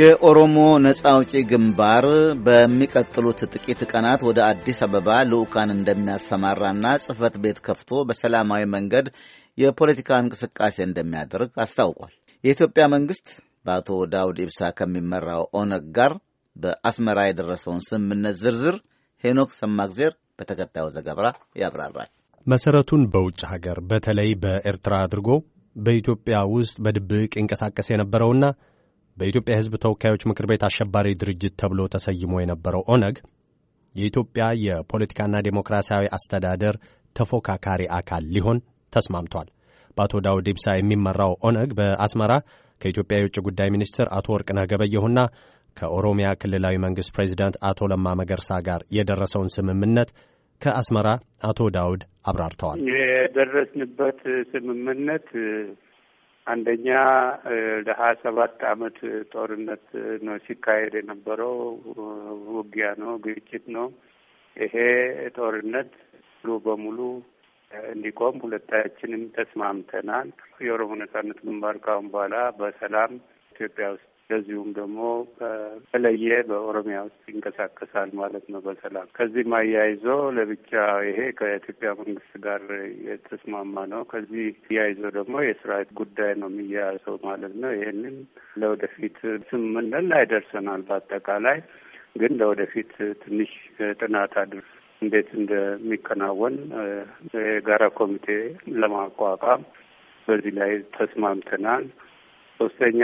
የኦሮሞ ነጻ አውጪ ግንባር በሚቀጥሉት ጥቂት ቀናት ወደ አዲስ አበባ ልዑካን እንደሚያሰማራና ጽህፈት ቤት ከፍቶ በሰላማዊ መንገድ የፖለቲካ እንቅስቃሴ እንደሚያደርግ አስታውቋል። የኢትዮጵያ መንግስት በአቶ ዳውድ ኢብሳ ከሚመራው ኦነግ ጋር በአስመራ የደረሰውን ስምምነት ዝርዝር ሄኖክ ሰማግዜር በተከታዩ ዘገባ ያብራራል። መሰረቱን በውጭ ሀገር በተለይ በኤርትራ አድርጎ በኢትዮጵያ ውስጥ በድብቅ ይንቀሳቀስ የነበረውና በኢትዮጵያ ሕዝብ ተወካዮች ምክር ቤት አሸባሪ ድርጅት ተብሎ ተሰይሞ የነበረው ኦነግ የኢትዮጵያ የፖለቲካና ዴሞክራሲያዊ አስተዳደር ተፎካካሪ አካል ሊሆን ተስማምቷል። በአቶ ዳውድ ኢብሳ የሚመራው ኦነግ በአስመራ ከኢትዮጵያ የውጭ ጉዳይ ሚኒስትር አቶ ወርቅነህ ገበየሁና ከኦሮሚያ ክልላዊ መንግሥት ፕሬዚዳንት አቶ ለማ መገርሳ ጋር የደረሰውን ስምምነት ከአስመራ አቶ ዳውድ አብራርተዋል። የደረስንበት ስምምነት አንደኛ ለሀያ ሰባት አመት ጦርነት ነው ሲካሄድ የነበረው ውጊያ ነው፣ ግጭት ነው። ይሄ ጦርነት ሙሉ በሙሉ እንዲቆም ሁለታችንም ተስማምተናል። የኦሮሞ ነጻነት ግንባር ካሁን በኋላ በሰላም ኢትዮጵያ ውስጥ እንደዚሁም ደግሞ በተለየ በኦሮሚያ ውስጥ ይንቀሳቀሳል ማለት ነው በሰላም ከዚህም አያይዞ ለብቻ ይሄ ከኢትዮጵያ መንግስት ጋር የተስማማ ነው። ከዚህ አያይዞ ደግሞ የስርዓት ጉዳይ ነው የሚያያዘው ማለት ነው። ይህንን ለወደፊት ስምምነት ላይ ደርሰናል። በአጠቃላይ ግን ለወደፊት ትንሽ ጥናት አድርስ እንዴት እንደሚከናወን የጋራ ኮሚቴ ለማቋቋም በዚህ ላይ ተስማምተናል። ሶስተኛ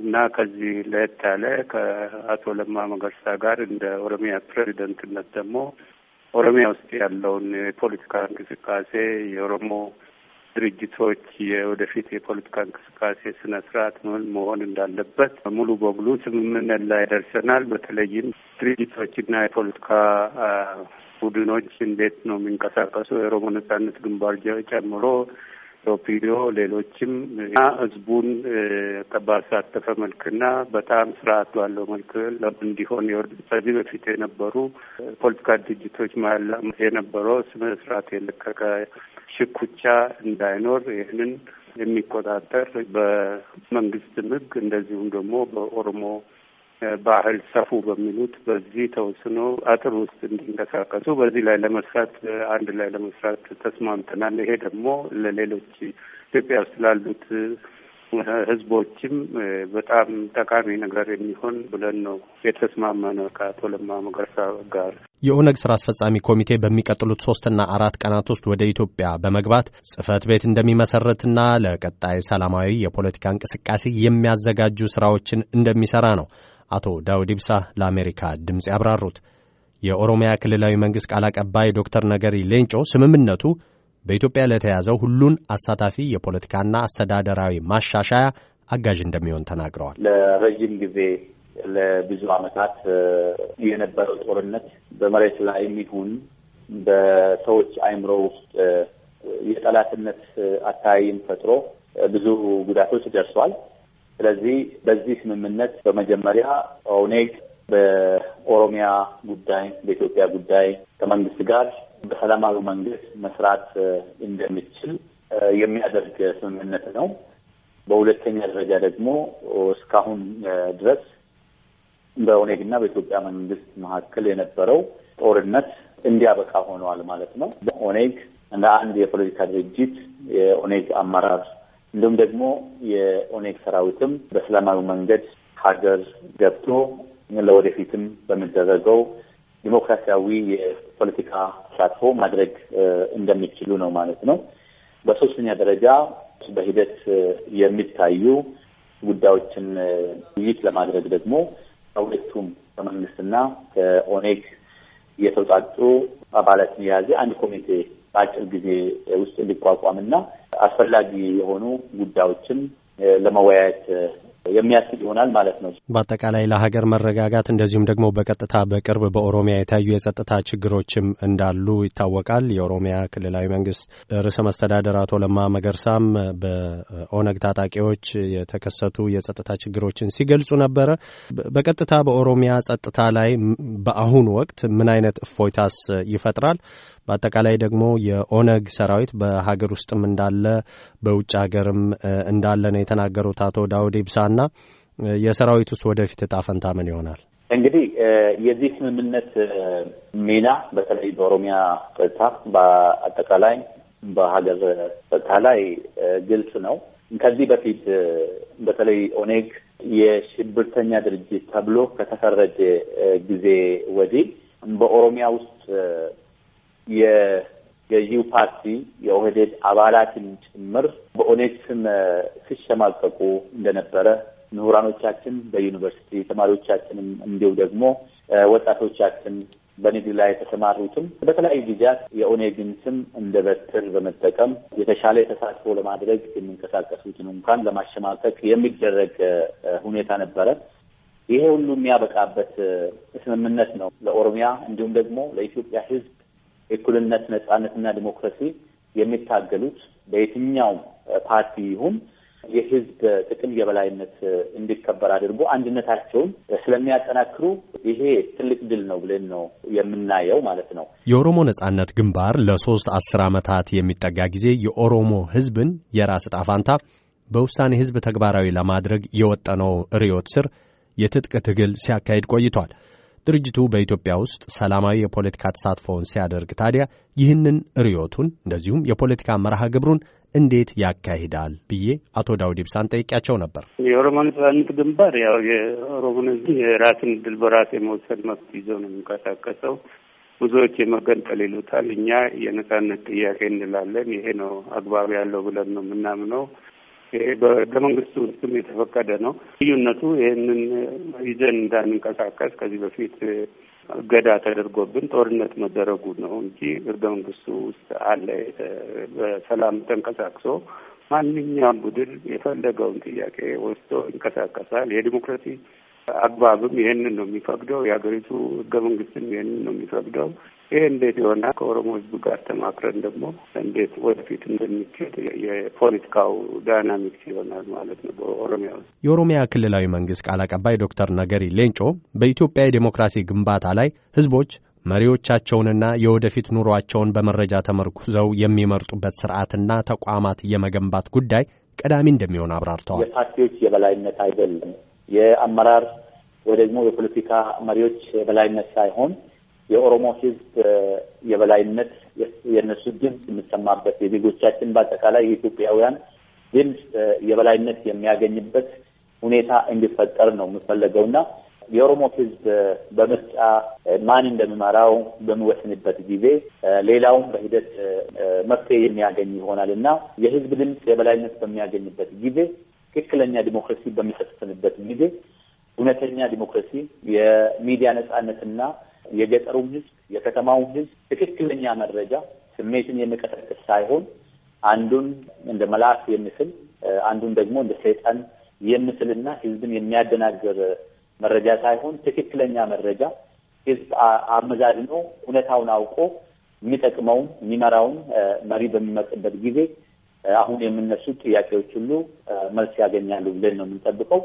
እና ከዚህ ለየት ያለ ከአቶ ለማ መገርሳ ጋር እንደ ኦሮሚያ ፕሬዚደንትነት ደግሞ ኦሮሚያ ውስጥ ያለውን የፖለቲካ እንቅስቃሴ የኦሮሞ ድርጅቶች የወደፊት የፖለቲካ እንቅስቃሴ ስነ ስርዓት ምን መሆን እንዳለበት ሙሉ በሙሉ ስምምነት ላይ ደርሰናል። በተለይም ድርጅቶችና የፖለቲካ ቡድኖች እንዴት ነው የሚንቀሳቀሱ የኦሮሞ ነጻነት ግንባር ጨምሮ ሎፒዲዮ ሌሎችም እና ህዝቡን ከባሳተፈ መልክና በጣም ስርዓት ባለው መልክ እንዲሆን የወርድ ከዚህ በፊት የነበሩ ፖለቲካ ድርጅቶች መሀል የነበረው ስነ ስርዓት የለቀቀ ሽኩቻ እንዳይኖር ይህንን የሚቆጣጠር በመንግስትም ህግ እንደዚሁም ደግሞ በኦሮሞ ባህል ሰፉ በሚሉት በዚህ ተወስኖ አጥር ውስጥ እንዲንቀሳቀሱ በዚህ ላይ ለመስራት አንድ ላይ ለመስራት ተስማምተናል። ይሄ ደግሞ ለሌሎች ኢትዮጵያ ውስጥ ላሉት ህዝቦችም በጣም ጠቃሚ ነገር የሚሆን ብለን ነው የተስማመነ ከአቶ ለማ መገርሳ ጋር። የኦነግ ስራ አስፈጻሚ ኮሚቴ በሚቀጥሉት ሶስትና አራት ቀናት ውስጥ ወደ ኢትዮጵያ በመግባት ጽህፈት ቤት እንደሚመሰረትና ለቀጣይ ሰላማዊ የፖለቲካ እንቅስቃሴ የሚያዘጋጁ ስራዎችን እንደሚሰራ ነው አቶ ዳውድ ኢብሳ ለአሜሪካ ድምፅ ያብራሩት። የኦሮሚያ ክልላዊ መንግሥት ቃል አቀባይ ዶክተር ነገሪ ሌንጮ ስምምነቱ በኢትዮጵያ ለተያዘው ሁሉን አሳታፊ የፖለቲካና አስተዳደራዊ ማሻሻያ አጋዥ እንደሚሆን ተናግረዋል። ለረዥም ጊዜ ለብዙ ዓመታት የነበረው ጦርነት በመሬት ላይ የሚሆን በሰዎች አይምሮ ውስጥ የጠላትነት አታይም ፈጥሮ ብዙ ጉዳቶች ደርሷል። ስለዚህ በዚህ ስምምነት በመጀመሪያ ኦኔግ በኦሮሚያ ጉዳይ፣ በኢትዮጵያ ጉዳይ ከመንግስት ጋር በሰላማዊ መንግስት መስራት እንደሚችል የሚያደርግ ስምምነት ነው። በሁለተኛ ደረጃ ደግሞ እስካሁን ድረስ በኦኔግና በኢትዮጵያ መንግስት መካከል የነበረው ጦርነት እንዲያበቃ ሆነዋል ማለት ነው። ኦኔግ እንደ አንድ የፖለቲካ ድርጅት የኦኔግ አመራር እንዲሁም ደግሞ የኦኔግ ሰራዊትም በሰላማዊ መንገድ ሀገር ገብቶ ለወደፊትም በሚደረገው ዲሞክራሲያዊ የፖለቲካ ተሳትፎ ማድረግ እንደሚችሉ ነው ማለት ነው። በሶስተኛ ደረጃ በሂደት የሚታዩ ጉዳዮችን ውይይት ለማድረግ ደግሞ ከሁለቱም ከመንግስትና ከኦኔግ የተውጣጡ አባላትን የያዘ አንድ ኮሚቴ በአጭር ጊዜ ውስጥ ሊቋቋምና አስፈላጊ የሆኑ ጉዳዮችን ለመወያየት የሚያስችል ይሆናል ማለት ነው። በአጠቃላይ ለሀገር መረጋጋት እንደዚሁም ደግሞ በቀጥታ በቅርብ በኦሮሚያ የታዩ የጸጥታ ችግሮችም እንዳሉ ይታወቃል። የኦሮሚያ ክልላዊ መንግስት ርዕሰ መስተዳደር አቶ ለማ መገርሳም በኦነግ ታጣቂዎች የተከሰቱ የጸጥታ ችግሮችን ሲገልጹ ነበረ። በቀጥታ በኦሮሚያ ጸጥታ ላይ በአሁኑ ወቅት ምን አይነት እፎይታስ ይፈጥራል? በአጠቃላይ ደግሞ የኦነግ ሰራዊት በሀገር ውስጥም እንዳለ በውጭ ሀገርም እንዳለ ነው የተናገሩት አቶ ዳውድ ኢብሳና የሰራዊት ውስጥ ወደፊት እጣ ፈንታ ምን ይሆናል? እንግዲህ የዚህ ስምምነት ሚና በተለይ በኦሮሚያ ጸጥታ፣ በአጠቃላይ በሀገር ጸጥታ ላይ ግልጽ ነው። ከዚህ በፊት በተለይ ኦኔግ የሽብርተኛ ድርጅት ተብሎ ከተፈረጀ ጊዜ ወዲህ በኦሮሚያ ውስጥ የገዢው ፓርቲ የኦህዴድ አባላትን ጭምር በኦኔግ ስም ሲሸማቀቁ እንደነበረ ምሁራኖቻችን በዩኒቨርሲቲ ተማሪዎቻችንም እንዲሁ ደግሞ ወጣቶቻችን በንግድ ላይ የተሰማሩትም በተለያዩ ጊዜያት የኦኔግን ስም እንደ በትር በመጠቀም የተሻለ የተሳትፎ ለማድረግ የሚንቀሳቀሱትን እንኳን ለማሸማቀቅ የሚደረግ ሁኔታ ነበረ። ይሄ ሁሉ የሚያበቃበት ስምምነት ነው ለኦሮሚያ እንዲሁም ደግሞ ለኢትዮጵያ ሕዝብ እኩልነት፣ ነጻነትና ዲሞክራሲ የሚታገሉት በየትኛው ፓርቲ ይሁን የህዝብ ጥቅም የበላይነት እንዲከበር አድርጎ አንድነታቸውን ስለሚያጠናክሩ ይሄ ትልቅ ድል ነው ብለን ነው የምናየው ማለት ነው። የኦሮሞ ነጻነት ግንባር ለሶስት አስር ዓመታት የሚጠጋ ጊዜ የኦሮሞ ህዝብን የራስ ዕጣ በውሳኔ ህዝብ ተግባራዊ ለማድረግ የወጠነው ርዕዮት ስር የትጥቅ ትግል ሲያካሂድ ቆይቷል። ድርጅቱ በኢትዮጵያ ውስጥ ሰላማዊ የፖለቲካ ተሳትፎውን ሲያደርግ ታዲያ ይህንን ርዮቱን እንደዚሁም የፖለቲካ መርሃ ግብሩን እንዴት ያካሂዳል ብዬ አቶ ዳውድ ኢብሳን ጠይቂያቸው ነበር። የኦሮሞ ነጻነት ግንባር ያው የኦሮሞን ሕዝብ የራስን ድል በራስ የመውሰድ መብት ይዞ ነው የሚንቀሳቀሰው። ብዙዎች የመገንጠል ይሉታል። እኛ የነጻነት ጥያቄ እንላለን። ይሄ ነው አግባብ ያለው ብለን ነው የምናምነው። ይሄ በህገ መንግስቱ ውስጥም የተፈቀደ ነው። ልዩነቱ ይህንን ይዘን እንዳንንቀሳቀስ ከዚህ በፊት እገዳ ተደርጎብን ጦርነት መደረጉ ነው እንጂ ህገ መንግስቱ ውስጥ አለ። በሰላም ተንቀሳቅሶ ማንኛውም ቡድን የፈለገውን ጥያቄ ወስዶ ይንቀሳቀሳል። የዲሞክራሲ አግባብም ይህንን ነው የሚፈቅደው። የሀገሪቱ ህገ መንግስትም ይህንን ነው የሚፈቅደው። ይሄ እንዴት የሆነ ከኦሮሞ ህዝብ ጋር ተማክረን ደግሞ እንዴት ወደፊት እንደሚችል የፖለቲካው ዳይናሚክስ ይሆናል ማለት ነው። በኦሮሚያ ውስጥ የኦሮሚያ ክልላዊ መንግስት ቃል አቀባይ ዶክተር ነገሪ ሌንጮ በኢትዮጵያ የዴሞክራሲ ግንባታ ላይ ህዝቦች መሪዎቻቸውንና የወደፊት ኑሯቸውን በመረጃ ተመርኩዘው የሚመርጡበት ስርዓትና ተቋማት የመገንባት ጉዳይ ቀዳሚ እንደሚሆን አብራርተዋል። የፓርቲዎች የበላይነት አይደለም፣ የአመራር ወይ ደግሞ የፖለቲካ መሪዎች የበላይነት ሳይሆን የኦሮሞ ህዝብ የበላይነት የእነሱ ድምፅ የሚሰማበት የዜጎቻችን በአጠቃላይ የኢትዮጵያውያን ድምፅ የበላይነት የሚያገኝበት ሁኔታ እንዲፈጠር ነው እና የኦሮሞ ህዝብ በምርጫ ማን እንደሚመራው በሚወስንበት ጊዜ ሌላውም በሂደት መፍትሄ የሚያገኝ ይሆናል እና የህዝብ ድምፅ የበላይነት በሚያገኝበት ጊዜ ትክክለኛ ዲሞክራሲ በሚሰፍንበት ጊዜ እውነተኛ ዲሞክራሲ፣ የሚዲያ ነጻነትና የገጠሩም ህዝብ የከተማውም ህዝብ ትክክለኛ መረጃ ስሜትን የሚቀሰቅስ ሳይሆን አንዱን እንደ መልአክ የምስል አንዱን ደግሞ እንደ ሰይጣን የሚስልና ህዝብን የሚያደናግር መረጃ ሳይሆን ትክክለኛ መረጃ ህዝብ አመዛዝኖ እውነታውን አውቆ የሚጠቅመውን የሚመራውን መሪ በሚመርጥበት ጊዜ አሁን የሚነሱ ጥያቄዎች ሁሉ መልስ ያገኛሉ ብለን ነው የምንጠብቀው።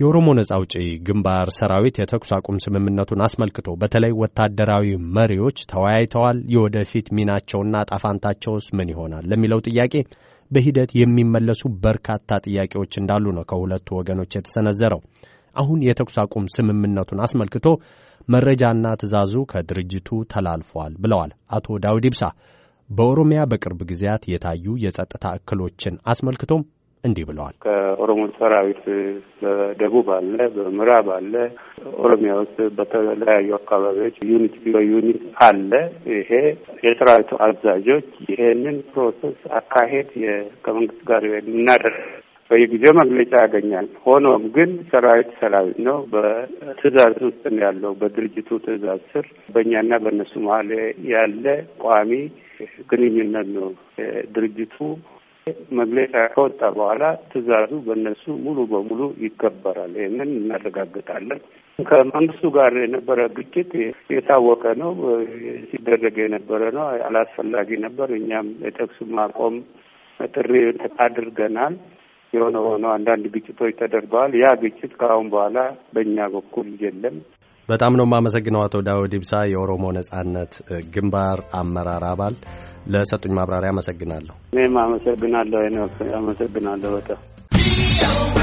የኦሮሞ ነጻ አውጪ ግንባር ሰራዊት የተኩስ አቁም ስምምነቱን አስመልክቶ በተለይ ወታደራዊ መሪዎች ተወያይተዋል። የወደፊት ሚናቸውና ጣፋንታቸውስ ምን ይሆናል ለሚለው ጥያቄ በሂደት የሚመለሱ በርካታ ጥያቄዎች እንዳሉ ነው ከሁለቱ ወገኖች የተሰነዘረው። አሁን የተኩስ አቁም ስምምነቱን አስመልክቶ መረጃና ትዕዛዙ ከድርጅቱ ተላልፏል ብለዋል አቶ ዳውድ ኢብሳ። በኦሮሚያ በቅርብ ጊዜያት የታዩ የጸጥታ እክሎችን አስመልክቶም እንዲህ ብለዋል። ከኦሮሞ ሰራዊት በደቡብ አለ፣ በምዕራብ አለ፣ ኦሮሚያ ውስጥ በተለያዩ አካባቢዎች ዩኒት ቢሮ ዩኒት አለ። ይሄ የሰራዊቱ አዛዦች ይሄንን ፕሮሰስ አካሄድ ከመንግስት ጋር የምናደርግ በየጊዜው መግለጫ ያገኛል። ሆኖም ግን ሰራዊት ሰራዊት ነው። በትእዛዝ ውስጥ ነው ያለው። በድርጅቱ ትእዛዝ ስር በእኛና በእነሱ መሀል ያለ ቋሚ ግንኙነት ነው። ድርጅቱ መግለጫ ከወጣ በኋላ ትዕዛዙ በእነሱ ሙሉ በሙሉ ይከበራል። ይህንን እናረጋግጣለን። ከመንግስቱ ጋር የነበረ ግጭት የታወቀ ነው፣ ሲደረግ የነበረ ነው፣ አላስፈላጊ ነበር። እኛም የተኩስ ማቆም ጥሪ አድርገናል። የሆነ ሆኖ አንዳንድ ግጭቶች ተደርገዋል። ያ ግጭት ከአሁን በኋላ በእኛ በኩል የለም። በጣም ነው የማመሰግነው አቶ ዳውድ ኢብሳ የኦሮሞ ነጻነት ግንባር አመራር አባል ለሰጡኝ ማብራሪያ አመሰግናለሁ። እኔም አመሰግናለሁ። አመሰግናለሁ በጣም